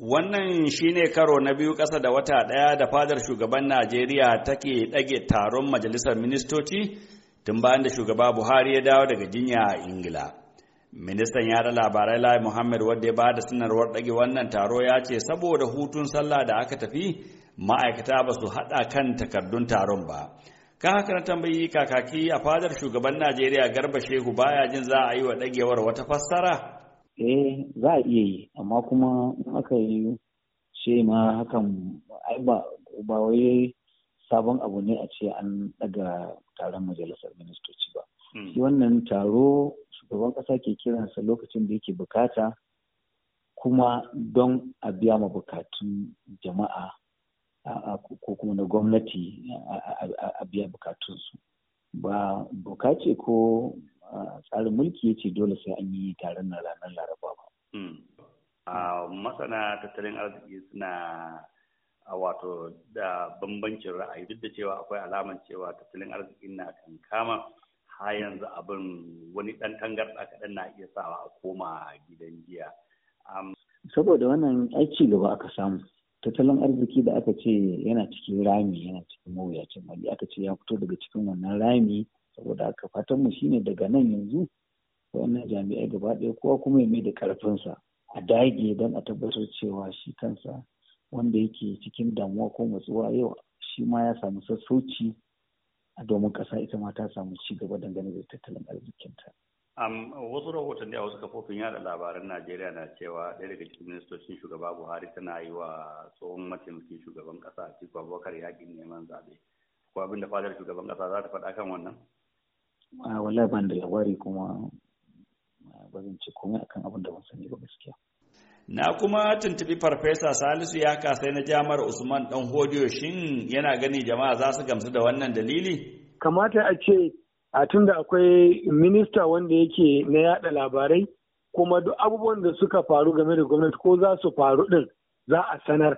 Wannan shine karo na biyu ƙasa da wata ɗaya da fadar shugaban Najeriya take ɗage taron majalisar ministoci tun bayan da shugaba Buhari ya dawo daga jinya a Ingila. Ministan yada labarai Lai Muhammad wadda ya ba da sanarwar ɗage wannan taro ya ce saboda hutun sallah da aka tafi ma'aikata ba su haɗa kan takardun taron ba. Ka haka na tambayi kakaki a fadar shugaban Najeriya Garba Shehu baya jin za a yi wa ɗagewar wata fassara? eh za a iya yi amma kuma in aka yi ce ma hakan ai ba wai sabon abu ne a ce an daga taron majalisar ministoci ba hmm. shi wannan taro shugaban kasa ke kiransa lokacin da yake bukata kuma don a biya ma bukatun jama'a ko kuma na gwamnati a biya bukatunsu ba doka ko tsarin mulki ya ce dole sai an yi taron na ranar laraba Hmm. Hmm. Ah, masana tattalin arziki suna ah, wato da bambancin ra'ayi duk da cewa akwai alamar cewa tattalin arziki na kan kama har yanzu abin wani ɗan tangarɗa kaɗan na iya sawa a koma gidan jiya. saboda wannan aiki gaba aka samu tattalin arziki da aka ce yana cikin rami yana cikin mawuyacin hali aka ce ya fito daga cikin wannan rami saboda aka fatan mu shine daga nan yanzu wannan jami'ai gaba ɗaya kowa kuma ya mai da ƙarfinsa a dage don a tabbatar cewa shi kansa wanda yake cikin damuwa ko matsuwa yau shi ma ya samu sassauci domin ƙasa ita ma ta samu ci gaba dangane da tattalin arzikinta. wasu rahotanni a wasu kafofin yada labaran Najeriya na cewa ɗaya daga cikin ministocin shugaba Buhari tana yi wa tsohon mataimakin shugaban ƙasa cikin Abubakar yaƙin neman zaɓe. Ko abin da fadar shugaban ƙasa za ta faɗa kan wannan? Wala ban da labari kuma ba zan ce komai akan abin da ban sani ba gaskiya Na kuma tuntubi Farfesa Salisu ya kasai na jamar Usman ɗan Hodiyo shin yana gani jama'a za su gamsu da wannan dalili? Kamata a ce a tun da akwai minista wanda yake na yada labarai kuma duk abubuwan da suka faru game da gwamnati ko za su faru din za a sanar.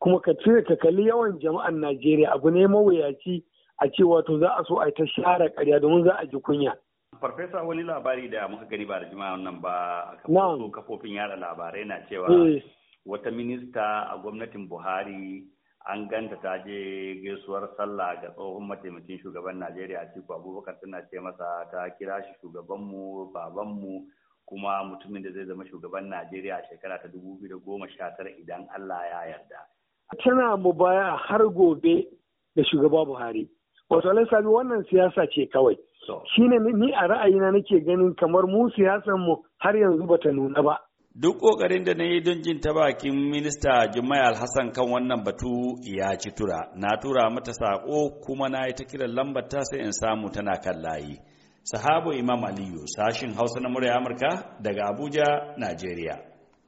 Kuma ka cire ka kalli yawan jama'an Najeriya abu ne mawuyaci a cewa to za a so a ta share karya domin za a ji kunya. Farfesa wani labari da muka gani ba da jima'a nan ba a kafofin yada labarai na cewa eh. wata minista a gwamnatin Buhari an ganta ta je gaisuwar sallah ga tsohon mataimakin shugaban Najeriya Atiku Abubakar tana ce masa ta kira shi shugabanmu babanmu kuma mutumin da zai zama shugaban Najeriya a shekara ta dubu biyu da goma sha tara idan Allah ya yarda. Tana mu baya har gobe da shugaba Buhari. wato alai sabi wannan siyasa ce kawai shi ne ni a ra'ayina nake ganin kamar mu siyasan mu har yanzu bata nuna ba duk kokarin da na yi don jin ta bakin minista jimai alhassan kan wannan batu ya ci tura na tura mata saƙo kuma na yi ta kiran lambar ta sai in samu tana kan layi sahabo imam aliyu sashin hausa na murya amurka daga abuja najeriya